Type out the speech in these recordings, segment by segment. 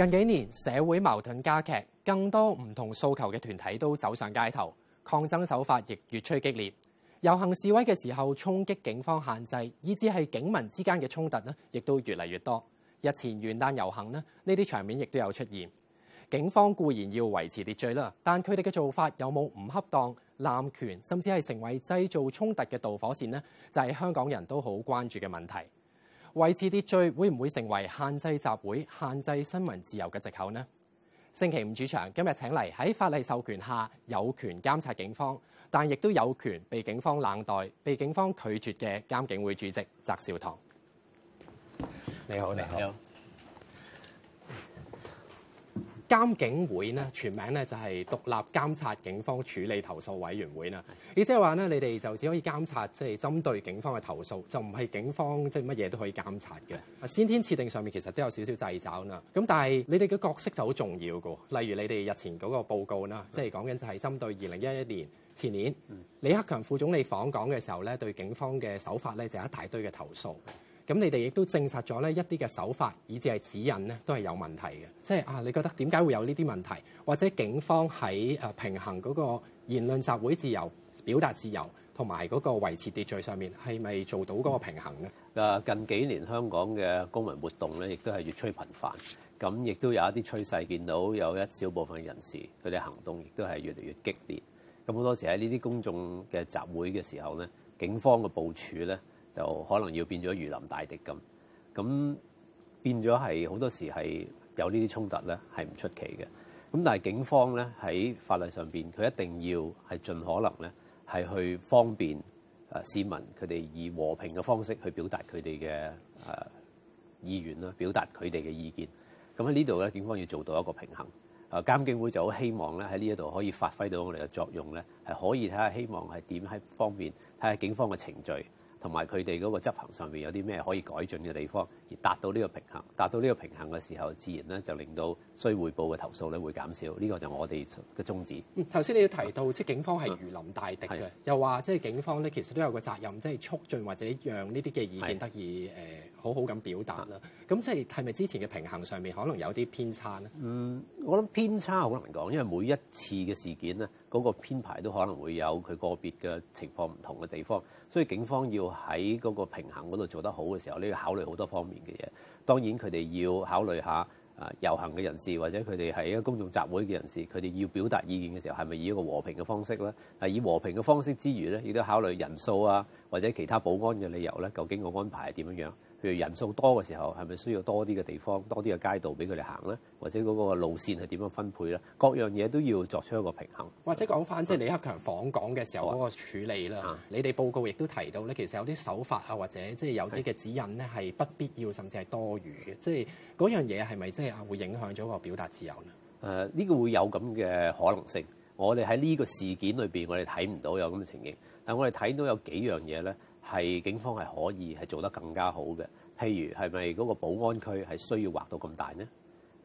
近幾年社會矛盾加劇，更多唔同訴求嘅團體都走上街頭，抗爭手法亦越趨激烈。遊行示威嘅時候衝擊警方限制，以至係警民之間嘅衝突呢亦都越嚟越多。日前元旦遊行呢呢啲場面亦都有出現。警方固然要維持秩序啦，但佢哋嘅做法有冇唔恰當、濫權，甚至係成為製造衝突嘅導火線呢，就係香港人都好關注嘅問題。維持秩序會唔會成為限制集會、限制新聞自由嘅借口呢？星期五主場今日請嚟喺法例授權下有權監察警方，但亦都有權被警方冷待、被警方拒絕嘅監警會主席翟紹唐。你好，你好。你好監警會咧，全名咧就係獨立監察警方處理投訴委員會啦。亦即係話咧，你哋就只可以監察，即係針對警方嘅投訴，就唔係警方即係乜嘢都可以監察嘅。先天設定上面其實都有少少掣肘啦。咁但係你哋嘅角色就好重要嘅。例如你哋日前嗰個報告啦，即係講緊就係、是、針對二零一一年前年李克強副總理訪港嘅時候咧，對警方嘅手法咧就有一大堆嘅投訴。咁你哋亦都證實咗呢一啲嘅手法，以至係指引呢，都係有問題嘅。即係啊，你覺得點解會有呢啲問題？或者警方喺誒平衡嗰個言論集會自由、表達自由同埋嗰個維持秩序上面，係咪做到嗰個平衡呢？誒，近幾年香港嘅公民活動呢，亦都係越趨頻繁。咁亦都有一啲趨勢，見到有一小部分人士佢哋行動亦都係越嚟越激烈。咁好多時喺呢啲公眾嘅集會嘅時候呢，警方嘅部署呢。就可能要變咗如臨大敵咁，咁變咗係好多時係有呢啲衝突咧，係唔出奇嘅。咁但係警方咧喺法律上面，佢一定要係盡可能咧係去方便市民，佢哋以和平嘅方式去表達佢哋嘅意願啦，表達佢哋嘅意見。咁喺呢度咧，警方要做到一個平衡。誒監警會就好希望咧喺呢一度可以發揮到我哋嘅作用咧，係可以睇下希望係點喺方便睇下警方嘅程序。同埋佢哋嗰個執行上面有啲咩可以改進嘅地方，而達到呢個平衡。達到呢個平衡嘅時候，自然咧就令到須匯報嘅投訴咧會減少。呢、呢個就我哋嘅宗旨。頭先、嗯、你要提到，即係、啊、警方係如臨大敵嘅，啊、又話即係警方咧其實都有個責任，即、就、係、是、促進或者讓呢啲嘅意見得以誒好好咁表達啦，咁即係係咪之前嘅平衡上面可能有啲偏差呢？嗯，我諗偏差好難講，因為每一次嘅事件呢，嗰、那個編排都可能會有佢個別嘅情況唔同嘅地方，所以警方要喺嗰個平衡嗰度做得好嘅時候，你要考慮好多方面嘅嘢。當然佢哋要考慮一下啊、呃、遊行嘅人士或者佢哋係一個公眾集會嘅人士，佢哋要表達意見嘅時候係咪以一個和平嘅方式呢？係以和平嘅方式之餘呢，亦都考慮人數啊。或者其他保安嘅理由咧，究竟我安排係點樣樣？譬如人數多嘅時候，係咪需要多啲嘅地方，多啲嘅街道俾佢哋行咧？或者嗰個路綫係點樣分配咧？各樣嘢都要作出一個平衡。或者講翻，啊、即係李克強訪港嘅時候嗰個處理啦，吓，啊，你哋報告亦都提到咧，其實有啲手法啊，或者即係有啲嘅指引咧，係不必要甚至係多餘嘅。的即係嗰樣嘢係咪即係會影響咗個表達自由呢？誒，啊、呢，這個會有咁嘅可能性。嗯、我哋喺呢個事件裏邊，我哋睇唔到有咁嘅情形。嗱，但我哋睇到有幾樣嘢咧，係警方係可以係做得更加好嘅。譬如係咪嗰個保安區係需要劃到咁大呢？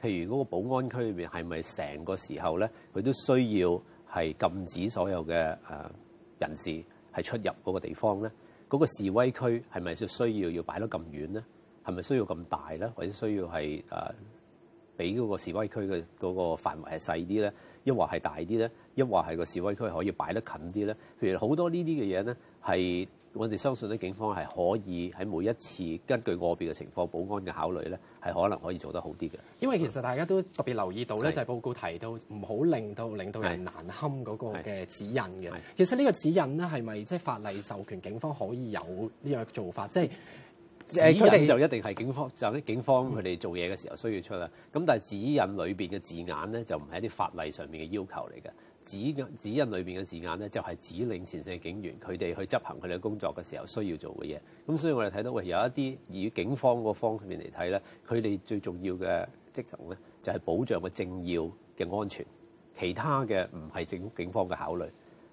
譬如嗰個保安區裏面係咪成個時候咧，佢都需要係禁止所有嘅誒人士係出入嗰個地方咧？嗰個示威區係咪需要要擺得咁遠呢？係咪需要咁大咧？或者需要係誒俾嗰個示威區嘅嗰個範圍係細啲咧？是一或係大啲咧，一或係個示威區可以擺得近啲咧。譬如好多這些東西呢啲嘅嘢咧，係我哋相信咧，警方係可以喺每一次根據個別嘅情況、保安嘅考慮咧，係可能可以做得好啲嘅。因為其實大家都特別留意到咧，是的 就係報告提到唔好令到令到領導人難堪嗰個嘅指引嘅。是的是的，其實呢個指引咧，係咪即係法例授權警方可以有呢樣做法？即係。指引就一定係警方，就咧警方佢哋做嘢嘅時候需要出啦。咁但係指引裏邊嘅字眼咧，就唔係一啲法例上面嘅要求嚟嘅。指引指引裏邊嘅字眼咧，就係指令前線警員佢哋去執行佢哋工作嘅時候需要做嘅嘢。咁所以我哋睇到喂有一啲以警方個方面嚟睇咧，佢哋最重要嘅職能咧，就係保障個政要嘅安全，其他嘅唔係政府警方嘅考慮。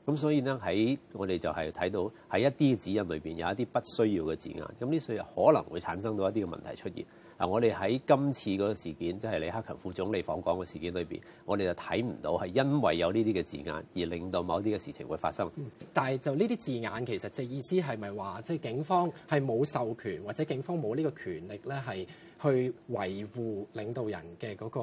咁所以呢，喺我哋就係睇到，喺一啲指引裏邊有一啲不需要嘅字眼，咁呢啲嘢可能會產生到一啲嘅問題出現。嗱，我哋喺今次嗰個事件，即係李克強副總理訪港嘅事件裏邊，我哋就睇唔到係因為有呢啲嘅字眼而令到某啲嘅事情會發生。嗯、但係就呢啲字眼，其實就意思係咪話，即、就、係、是、警方係冇授權或者警方冇呢個權力咧？係。去維護領導人嘅嗰個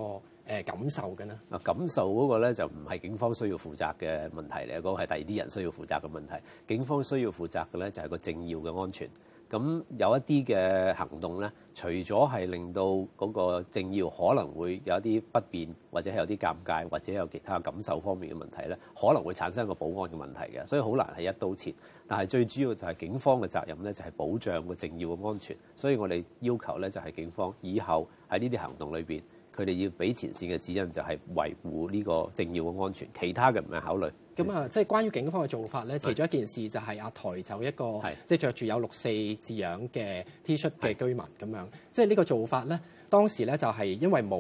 誒感受嘅咧，嗱、呃，感受嗰個咧就唔係警方需要負責嘅問題嚟。嗰個係第二啲人需要負責嘅問題，警方需要負責嘅咧就係個政要嘅安全。咁有一啲嘅行動呢，除咗係令到嗰個政要可能會有一啲不便，或者係有啲尷尬，或者有其他感受方面嘅問題呢，可能會產生一個保安嘅問題嘅，所以好難係一刀切。但係最主要就係警方嘅責任呢，就係保障個政要嘅安全。所以我哋要求呢，就係警方以後喺呢啲行動裏面。佢哋要俾前線嘅指引就係維護呢個政要嘅安全，其他嘅唔係考慮。咁啊，即係關於警方嘅做法咧，其中一件事就係啊抬走一個是的 即係著住有六四字樣嘅 T 恤嘅居民咁樣，是的 即係呢個做法咧，當時咧就係因為冇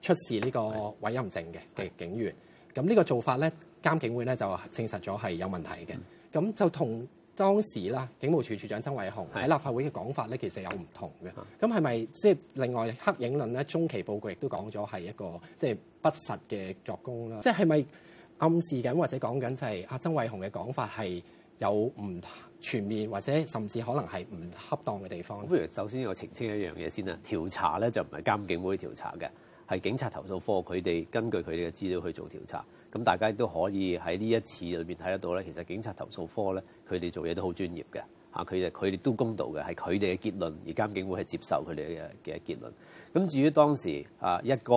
出示呢個委任證嘅嘅警員，咁呢是的 個做法咧，監警會咧就證實咗係有問題嘅，咁是的 就同。當時啦，警務處處長曾偉雄喺立法會嘅講法咧，其實有唔同嘅。咁係咪即係另外黑影論咧？中期報告亦都講咗係一個即係不實嘅作工啦。即係咪暗示緊或者講緊就係阿曾偉雄嘅講法係有唔全面或者甚至可能係唔恰當嘅地方？不如首先我澄清一樣嘢先啦。調查咧就唔係監警會調查嘅，係警察投訴科佢哋根據佢哋嘅資料去做調查。咁大家亦都可以喺呢一次裏邊睇得到咧，其實警察投訴科咧，佢哋做嘢都好專業嘅嚇，佢哋佢哋都公道嘅，係佢哋嘅結論，而監警會係接受佢哋嘅嘅結論。咁至於當時啊一哥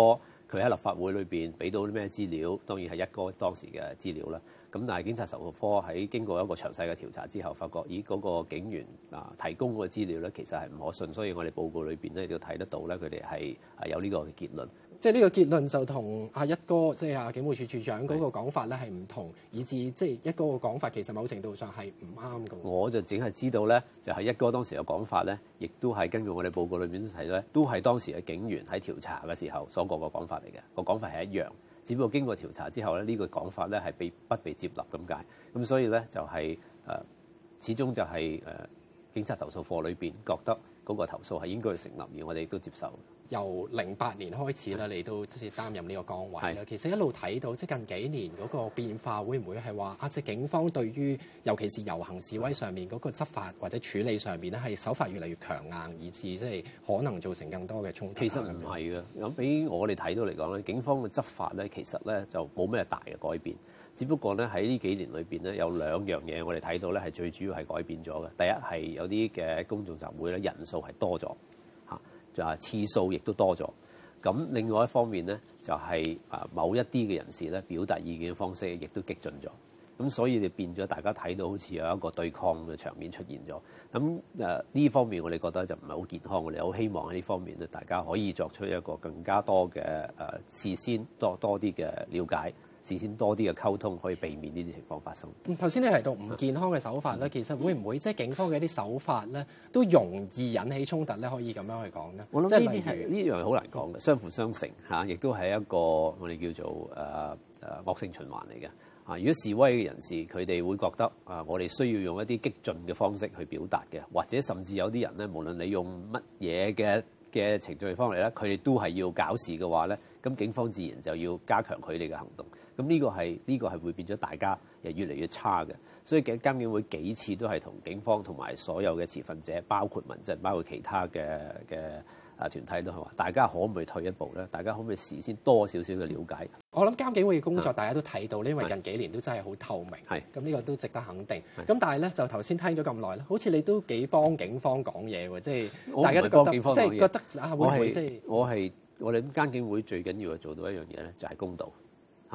佢喺立法會裏邊俾到啲咩資料，當然係一哥當時嘅資料啦。咁但係警察投訴科喺經過一個詳細嘅調查之後，發覺咦嗰個警員啊提供嘅資料咧，其實係唔可信，所以我哋報告裏邊咧亦都睇得到咧，佢哋係係有呢個結論。即係呢個結論就同阿一哥，即係阿警務處處長嗰個講法咧係唔同，是以至即係一哥嘅講法其實某程度上係唔啱嘅。我就淨係知道咧，就係、是、一哥當時嘅講法咧，亦都係根據我哋報告裏面睇咧，都係當時嘅警員喺調查嘅時候所講嘅講法嚟嘅，個講法係一樣。只不過經過調查之後咧，呢、這個講法咧係被不被接納咁解。咁所以咧就係、是、誒，始終就係誒警察投訴課裏邊覺得，嗰個投訴係應該去成立的，而我哋都接受。由零八年開始啦，你都即係擔任呢個崗位啦。的其實一路睇到，即近幾年嗰個變化會不會是說，會唔會係話啊？即係警方對於尤其是遊行示威上面嗰個執法或者處理上面咧，係手法越嚟越強硬以，以至即係可能造成更多嘅衝擊。其實唔係嘅，咁俾我哋睇到嚟講咧，警方嘅執法咧，其實咧就冇咩大嘅改變。只不過咧喺呢幾年裏邊咧，有兩樣嘢我哋睇到咧係最主要係改變咗嘅。第一係有啲嘅公眾集會咧人數係多咗吓，就係次數亦都多咗。咁另外一方面咧就係啊某一啲嘅人士咧表達意見嘅方式亦都激進咗。咁所以就變咗大家睇到好似有一個對抗嘅場面出現咗。咁誒呢方面我哋覺得就唔係好健康。我哋好希望喺呢方面咧大家可以作出一個更加多嘅誒事先多多啲嘅了解。事先多啲嘅溝通，可以避免呢啲情況發生。頭先你提到唔健康嘅手法咧，嗯、其實會唔會即係、就是、警方嘅一啲手法咧，都容易引起衝突咧？可以咁樣去講咧、嗯？我諗呢啲係呢樣好難講嘅，相輔相成嚇，亦都係一個我哋叫做誒誒惡性循環嚟嘅嚇。如果示威嘅人士佢哋會覺得啊、呃，我哋需要用一啲激進嘅方式去表達嘅，或者甚至有啲人咧，無論你用乜嘢嘅嘅程序方嚟咧，佢哋都係要搞事嘅話咧，咁警方自然就要加強佢哋嘅行動。咁呢個係呢、呢個係會變咗大家越嚟越差嘅，所以監警會幾次都係同警方同埋所有嘅持份者，包括民陣，包括其他嘅嘅啊團體都係話，大家可唔可以退一步咧？大家可唔可以事先多少少嘅了解？我諗監警會嘅工作大家都睇到，呢，因為近幾年都真係好透明，咁呢是是 個都值得肯定。咁是是 但係咧，就頭先聽咗咁耐咧，好似你都幾幫警方講嘢喎，即、就、係、是、大家都覺得即係覺得啊即係？我係我係我哋監警會最緊要係做到一樣嘢咧，就係、是、公道。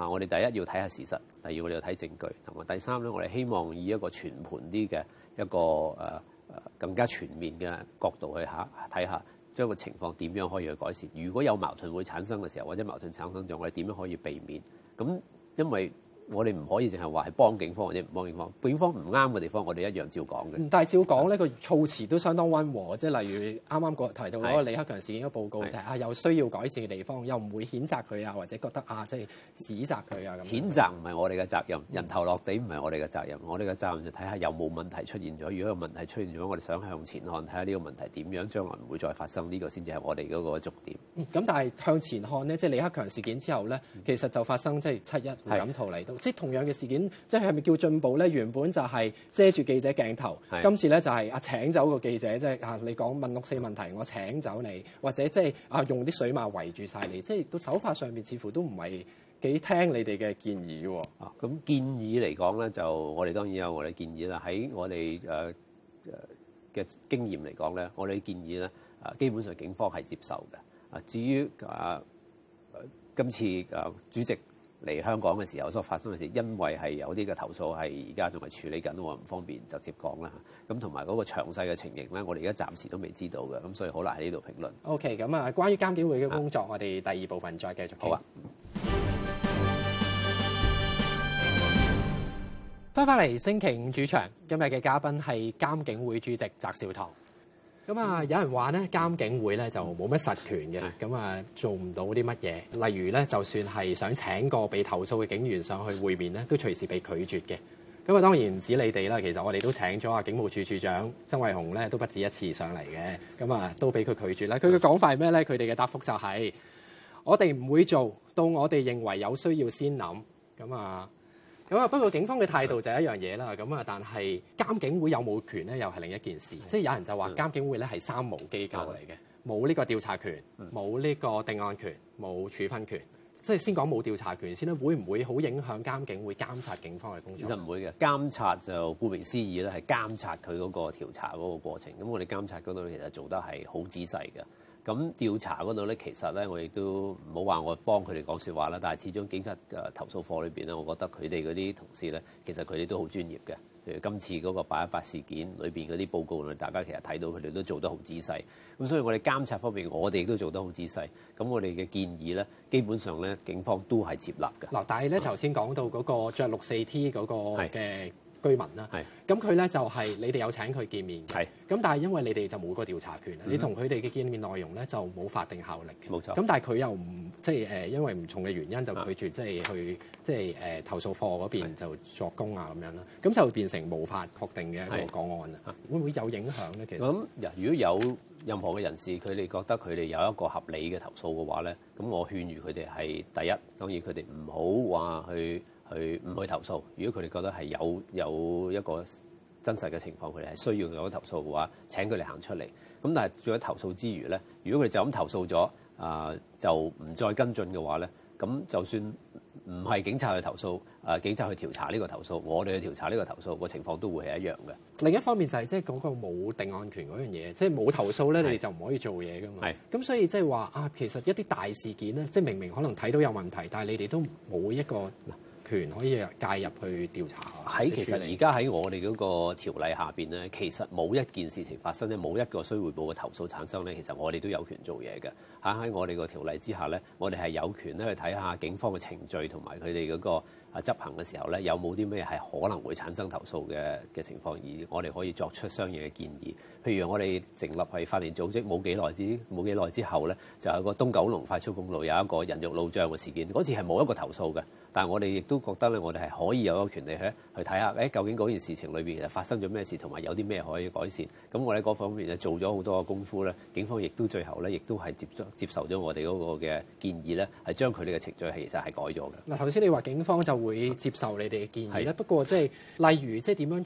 啊！我哋第一要睇下事實，第二我哋要睇證據，同埋第三咧，我哋希望以一個全盤啲嘅一個、呃、更加全面嘅角度去嚇睇下，將個情況點樣可以去改善。如果有矛盾會產生嘅時候，或者矛盾產生咗，我哋點樣可以避免？咁因為。我哋唔可以淨係話係幫警方或者唔幫警方，警方唔啱嘅地方，我哋一樣照講嘅。但係照講呢個措辭都相當溫和，即係例如啱啱講提到嗰個李克強事件嘅報告就係啊，有需要改善嘅地方，又唔會譴責佢啊，或者覺得啊，即係指責佢啊咁。譴責唔係我哋嘅責任，人頭落地唔係我哋嘅責任，我哋嘅責任就睇下有冇問題出現咗。如果有問題出現咗，我哋想向前看，睇下呢個問題點樣，將來唔會再發生，呢個先至係我哋嗰個重點。咁，嗯，但係向前看呢，即係李克強事件之後呢，其實就發生即係七一冇敢逃離都。是即同樣嘅事件，即係係咪叫進步咧？原本就係遮住記者鏡頭，是的 今次咧就係啊請走個記者，即係啊你講問六四問題，我請走你，或者即係啊用啲水馬圍住晒你，即係到手法上面，似乎都唔係幾聽你哋嘅建議嘅。啊，咁建議嚟講咧，就我哋當然有我哋建議啦。喺我哋誒嘅經驗嚟講咧，我哋建議咧啊基本上警方係接受嘅。啊至於啊今次啊主席嚟香港嘅時候所發生嘅事，因為係有啲嘅投訴係而家仲係處理緊，我唔方便直接講啦。咁同埋嗰個詳細嘅情形咧，我哋而家暫時都未知道嘅，咁所以好難喺呢度評論。OK，咁、嗯、啊，關於監警會嘅工作，啊、我哋第二部分再繼續。好啊。翻返嚟星期五主場，今日嘅嘉賓係監警會主席翟紹唐。咁啊！有人話咧，監警會咧就冇乜實權嘅，咁啊做唔到啲乜嘢。例如咧，就算係想請個被投訴嘅警員上去會面咧，都隨時被拒絕嘅。咁啊，當然唔止你哋啦。其實我哋都請咗啊，警務處處長曾偉雄咧都不止一次上嚟嘅。咁啊，都俾佢拒絕啦。佢嘅講法係咩咧？佢哋嘅答覆就係、是、我哋唔會做到，我哋認為有需要先諗。咁啊。咁啊，不過警方嘅態度就係一樣嘢啦。咁啊，但係監警會有冇權咧，又係另一件事。是的 即係有人就話監警會咧係三無機構嚟嘅，冇呢是的 個調查權，冇呢是的 個定案權，冇處分權。即係是的 先講冇調查權先啦，才會唔會好影響監警會監察警方嘅工作？其實唔會嘅，監察就顧名思義咧，係監察佢嗰個調查嗰個過程。咁我哋監察嗰度其實做得係好仔細嘅。咁調查嗰度咧，其實咧，我亦都唔好話我幫佢哋講說話啦。但係始終警察嘅投訴課裏面咧，我覺得佢哋嗰啲同事咧，其實佢哋都好專業嘅。譬如今次嗰個八一八事件裏面嗰啲報告咧，大家其實睇到佢哋都做得好仔細。咁所以我哋監察方面，我哋亦都做得好仔細。咁我哋嘅建議咧，基本上咧，警方都係接納嘅。嗱，但係咧，頭先講到嗰個著六四 T 嗰個嘅。居民啦，咁佢咧就係、是、你哋有請佢見面，咁是但係因為你哋就冇個調查權，嗯、你同佢哋嘅見面內容咧就冇法定效力嘅，冇錯。咁但係佢又唔即係因為唔同嘅原因就拒絕、啊、即係去即係投訴課嗰邊就作供啊咁樣啦，咁就變成無法確定嘅一個個案啊。是會唔會有影響咧？其實咁，如果有任何嘅人士，佢哋覺得佢哋有一個合理嘅投訴嘅話咧，咁我勸喻佢哋係第一，當然佢哋唔好話去。去唔去投訴，如果佢哋覺得係有有一個真實嘅情況，佢哋係需要有投訴嘅話，請佢哋行出嚟。咁但係，做咗投訴之餘咧，如果佢就咁投訴咗啊，就唔再跟進嘅話咧，咁就算唔係警察去投訴，啊警察去調查呢個投訴，我哋去調查呢個投訴，個情況都會係一樣嘅。另一方面就係即係嗰個冇定案權嗰樣嘢，即係冇投訴咧，是 你哋就唔可以做嘢噶嘛。係。咁所以即係話啊，其實一啲大事件咧，即係明明可能睇到有問題，但係你哋都冇一個權可以介入去調查。喺其實而家喺我哋嗰個條例下邊呢，其實冇一件事情發生呢，冇一個須匯報嘅投訴產生呢，其實我哋都有權做嘢嘅㗎。喺我哋個條例之下呢，我哋係有權咧去睇下警方嘅程序同埋佢哋嗰個啊執行嘅時候呢，有冇啲咩係可能會產生投訴嘅嘅情況，而我哋可以作出相應嘅建議。譬如我哋成立係法定組織冇幾耐之冇幾耐之後呢，就有個東九龍快速公路有一個人肉路障嘅事件，嗰次係冇一個投訴嘅。但係我哋亦都覺得咧，我哋係可以有個權利去去睇下，誒究竟嗰件事情裏邊其實發生咗咩事，同埋有啲咩可以改善。咁我喺嗰方面咧做咗好多嘅功夫咧，警方亦都最後咧亦都係接咗接受咗我哋嗰個嘅建議咧，係將佢哋嘅程序係其實係改咗嘅。嗱頭先你話警方就會接受你哋嘅建議咧，是的 不過即係例如即係點樣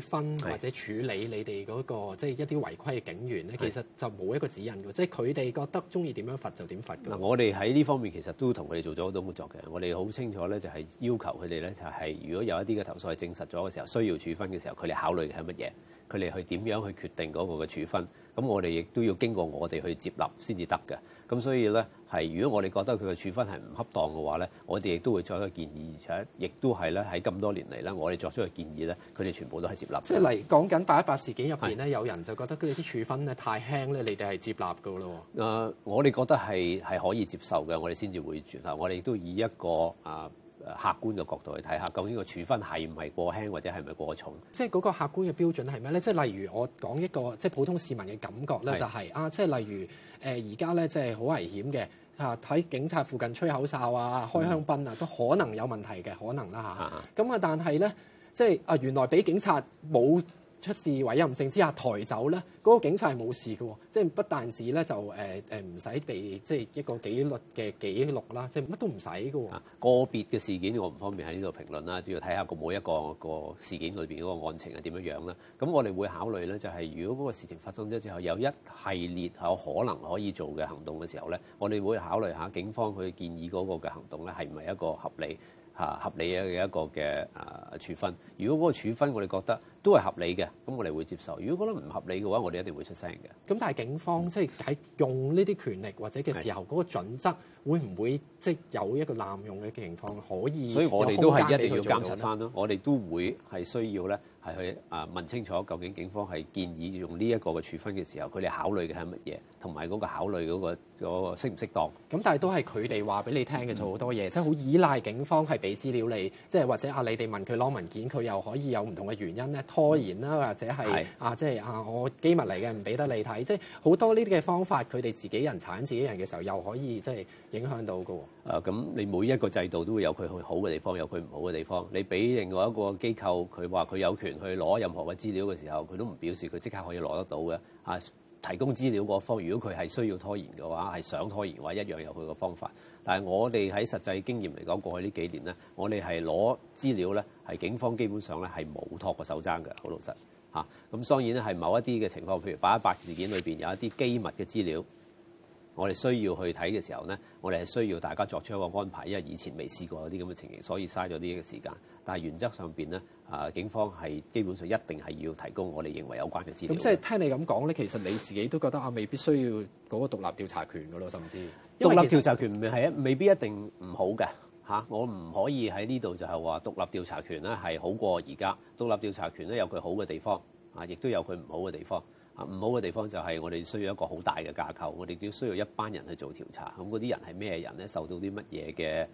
處分或者處理你哋嗰個即係一啲違規嘅警員咧，是的 其實就冇一個指引嘅，即係佢哋覺得中意點樣罰就點罰嘅。嗱我哋喺呢方面其實都同佢哋做咗好多工作嘅，我哋好清清楚咧，就係要求佢哋咧，就係如果有一啲嘅投訴係證實咗嘅時候，需要處分嘅時候，佢哋考慮嘅係乜嘢？佢哋去點樣去決定嗰個嘅處分？咁我哋亦都要經過我哋去接納先至得嘅。咁所以咧，係如果我哋覺得佢嘅處分係唔恰當嘅話咧，我哋亦都會作出建議，而且亦都係咧，喺咁多年嚟咧，我哋作出嘅建議咧，佢哋全部都係接納。即係嚟講緊八一八事件入面咧，有人就覺得佢哋啲處分咧太輕咧，你哋係接納噶咯喎？誒，我哋覺得係係可以接受嘅，我哋先至會轉。我哋亦都以一個啊。客觀嘅角度去睇下，究竟個處分係唔係過輕或者係咪過重？即係嗰個客觀嘅標準咧係咩咧？即係例如我講一個即係普通市民嘅感覺咧，就是，就係啊，即係例如誒而家咧即係好危險嘅啊，喺警察附近吹口哨啊、開香檳啊，嗯、都可能有問題嘅，可能啦嚇。咁啊，啊但係咧，即係啊，原來俾警察冇。出示委任證之下抬走咧，嗰、那個警察係冇事嘅，即係不但止咧就誒誒唔使被即係一個紀律嘅記錄啦，即係乜都唔使嘅喎。個別嘅事件我唔方便喺呢度評論啦，主要睇下個每一個個事件裏邊嗰個案情係點樣樣啦。咁我哋會考慮咧，就係如果嗰個事情發生咗之後有一系列有可能可以做嘅行動嘅時候咧，我哋會考慮下警方佢建議嗰個嘅行動咧係唔係一個合理嚇合理嘅一個嘅啊處分。如果嗰個處分我哋覺得，都係合理嘅，咁我哋會接受。如果覺得唔合理嘅話，我哋一定會出聲嘅。咁但係警方、嗯、即係喺用呢啲權力或者嘅時候，嗰係個準則會唔會即係有一個濫用嘅情況？可以，所以我哋都係有空間一定要監察翻咯。我哋都會係需要咧，係去啊問清楚究竟警方係建議用呢一個嘅處分嘅時候，佢哋考慮嘅係乜嘢，同埋嗰個考慮嗰、那個嗰、那個、適唔適當？咁但係都係佢哋話俾你聽嘅，做好多嘢，嗯、即係好依賴警方係俾資料你，即係或者啊你哋問佢攞文件，佢又可以有唔同嘅原因咧。拖延啦，或者係是啊，即、就、係、是、啊，我機密嚟嘅，唔俾得你睇。即係好多呢啲嘅方法，佢哋自己人產自己人嘅時候，又可以即係、就是、影響到個。誒、啊，咁你每一個制度都會有佢去好嘅地方，有佢唔好嘅地方。你俾另外一個機構，佢話佢有權去攞任何嘅資料嘅時候，佢都唔表示佢即刻可以攞得到嘅。啊。提供資料嗰方，如果佢係需要拖延嘅話，係想拖延嘅話，一樣有佢嘅方法。但係我哋喺實際經驗嚟講，過去呢幾年呢，我哋係攞資料呢，係警方基本上呢係冇托過手踭嘅，好老實嚇。咁當然呢係某一啲嘅情況，譬如八一八事件裏邊有一啲機密嘅資料。我哋需要去睇嘅時候呢，我哋係需要大家作出一個安排，因為以前未試過嗰啲咁嘅情形，所以嘥咗啲嘅時間。但係原則上邊呢，啊警方係基本上一定係要提供我哋認為有關嘅資料的。咁即係聽你咁講呢，其實你自己都覺得啊，未必需要嗰個獨立調查權㗎咯，甚至獨立調查權唔係未必一定唔好嘅吓。我唔可以喺呢度就係話獨立調查權呢係好過而家。獨立調查權呢有佢好嘅地方，啊亦都有佢唔好嘅地方。唔好嘅地方就係我哋需要一個好大嘅架構，我哋都需要一班人去做調查。咁嗰啲人係咩人呢？受到啲乜嘢嘅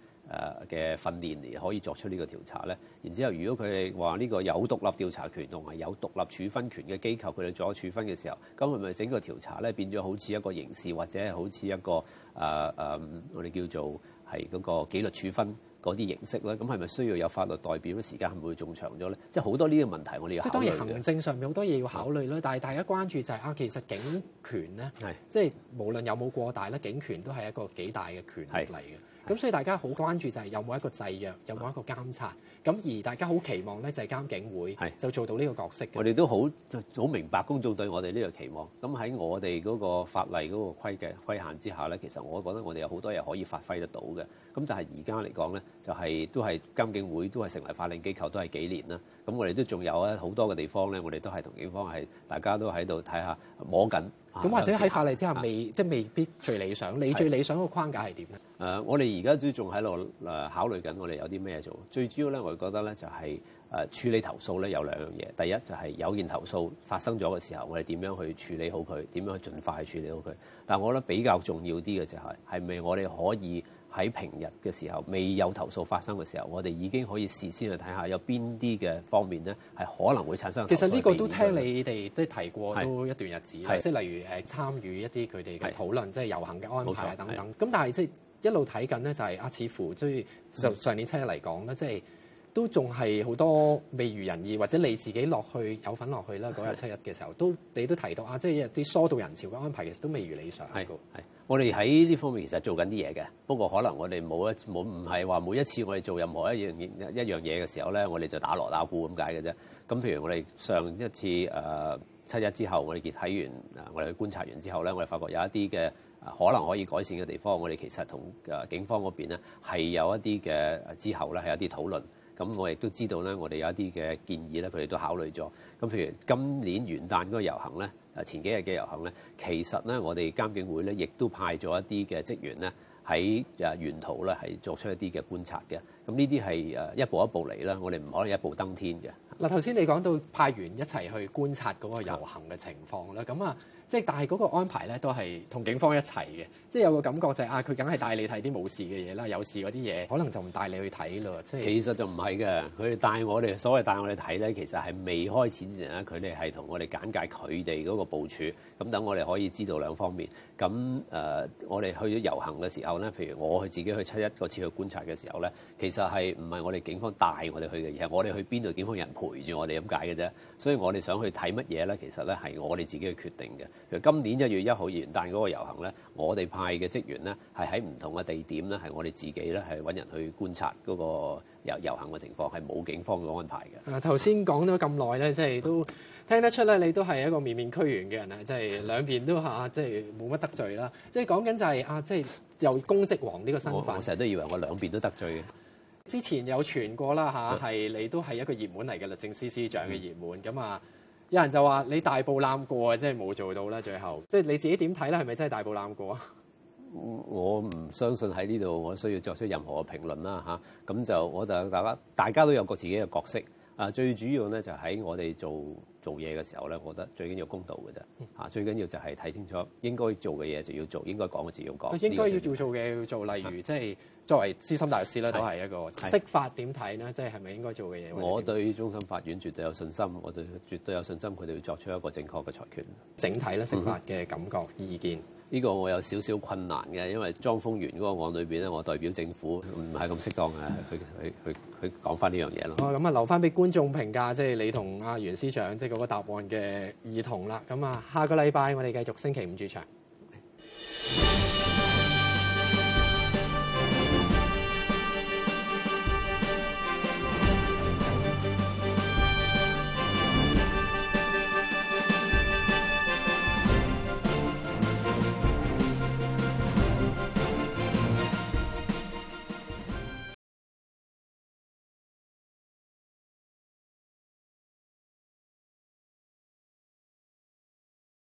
誒嘅訓練嚟可以作出呢個調查呢？然之後，如果佢哋話呢個有獨立調查權同埋有獨立處分權嘅機構，佢哋做咗處分嘅時候，咁係咪整個調查呢？變咗好似一個刑事或者好似一個誒誒、呃呃，我哋叫做係嗰個紀律處分？嗰啲形式咧，咁係咪需要有法律代表咧？時間係咪會仲長咗咧？即係好多呢個問題，我哋要考慮嘅。即係當然行政上面好多嘢要考慮啦，是但係大家關注就係、是、啊，其實警權咧，是即係無論有冇過大咧，警權都係一個幾大嘅權力嚟嘅。咁所以大家好關注就係有冇一個制約，有冇一個監察。咁是而大家好期望咧，就係監警會就做到呢個角色嘅。我哋都好好明白公眾對我哋呢個期望。咁喺我哋嗰個法例嗰個規嘅規限之下咧，其實我覺得我哋有好多嘢可以發揮得到嘅。咁就係而家嚟講咧，就係、是、都係監警會都係成為法令機構都係幾年啦。咁我哋都仲有咧好多嘅地方咧，我哋都係同警方係大家都喺度睇下摸緊。咁或者喺法例之下、啊、未即係未必最理想。你最理想個框架係點咧？誒的，我哋而家都仲喺度誒考慮緊，我哋有啲咩做最主要咧？我覺得咧就係、是、誒處理投訴咧有兩樣嘢。第一就係、是、有件投訴發生咗嘅時候，我哋點樣去處理好佢？點樣去盡快處理好佢？但係我覺得比較重要啲嘅就係係咪我哋可以，喺平日嘅時候，未有投訴發生嘅時候，我哋已經可以事先去睇下有邊啲嘅方面咧，係可能會產生。其實呢個都聽你哋都提過，都一段日子，即係例如誒參與一啲佢哋嘅討論，是即係遊行嘅安排等等。咁但係即係一路睇緊咧，就係啊，似乎即係就上年七一嚟講咧，嗯、即係。都仲係好多未如人意，或者你自己落去有份落去啦。嗰日七一嘅時候，都你都提到啊，即係啲疏導人潮嘅安排其實都未如理想。係我哋喺呢方面其實做緊啲嘢嘅，不過可能我哋冇一冇唔係話每一次我哋做任何一樣嘢一樣嘢嘅時候咧，我哋就打鑼打鼓咁解嘅啫。咁譬如我哋上一次、呃、七一之後我，我哋睇完我哋去觀察完之後咧，我哋發覺有一啲嘅可能可以改善嘅地方，我哋其實同警方嗰邊咧係有一啲嘅之後咧係有啲討論。咁我亦都知道咧，我哋有一啲嘅建議咧，佢哋都考慮咗。咁譬如今年元旦嗰個遊行咧，啊前幾日嘅遊行咧，其實咧我哋監警會咧亦都派咗一啲嘅職員咧喺誒沿途咧係作出一啲嘅觀察嘅。咁呢啲係誒一步一步嚟啦，我哋唔可能一步登天嘅。嗱頭先你講到派員一齊去觀察嗰個遊行嘅情況啦，咁啊的。即係，但係嗰個安排咧都係同警方一齊嘅，即係有個感覺就係啊，佢梗係帶你睇啲冇事嘅嘢啦，有事嗰啲嘢，可能就唔帶你去睇咯。即係其實就唔係嘅，佢哋帶我哋，所謂帶我哋睇咧，其實係未開始之前咧，佢哋係同我哋簡介佢哋嗰個部署，咁等我哋可以知道兩方面。咁，呃，我哋去咗遊行嘅時候咧，譬如我去自己去七一嗰次去觀察嘅時候咧，其實係唔係我哋警方帶我哋去嘅，而係我哋去邊度，警方人陪住我哋咁解嘅啫。所以我哋想去睇乜嘢咧，其實咧係我哋自己去決定嘅。今年一月一號元旦嗰個遊行咧，我哋派嘅職員咧係喺唔同嘅地點咧，係我哋自己咧係搵人去觀察嗰個遊遊行嘅情況，係冇警方嘅安排嘅。啊，頭先講咗咁耐咧，即係都聽得出咧，你都係一個面面俱圓嘅人啊！即係兩邊都嚇，即係冇乜得罪啦。即係講緊就係啊，即係有公職王呢個身份。我我成日都以為我兩邊都得罪嘅。之前有傳過啦吓，係你都係一個熱門嚟嘅律政司司長嘅熱門咁啊。嗯有人就話你大步濫過啊，真係冇做到啦，最後即係你自己點睇咧？係咪真係大步濫過啊？我唔相信喺呢度，我需要作出任何嘅評論啦嚇。咁就我就大家大家都有個自己嘅角色。啊，最主要咧就喺、是、我哋做做嘢嘅時候咧，我覺得最緊要公道嘅啫、嗯啊。最緊要就係睇清楚應該做嘅嘢就要做，應該講嘅字要講。應該要做嘅要做，啊、例如即係、就是、作為資深大律師咧，是都係一個釋是法點睇呢？即係係咪應該做嘅嘢？我對終審法院絕對有信心，我對絕對有信心佢哋要作出一個正確嘅裁決。整體咧，釋法嘅感覺、嗯、哼意見。呢個我有少少困難嘅，因為莊豐源嗰個案裏邊咧，我代表政府唔係咁適當嘅。去去去去講翻呢樣嘢咯。哦，咁啊，留翻俾觀眾評價，即係你同阿袁司長即係嗰個答案嘅異同啦。咁啊，下個禮拜我哋繼續星期五主場。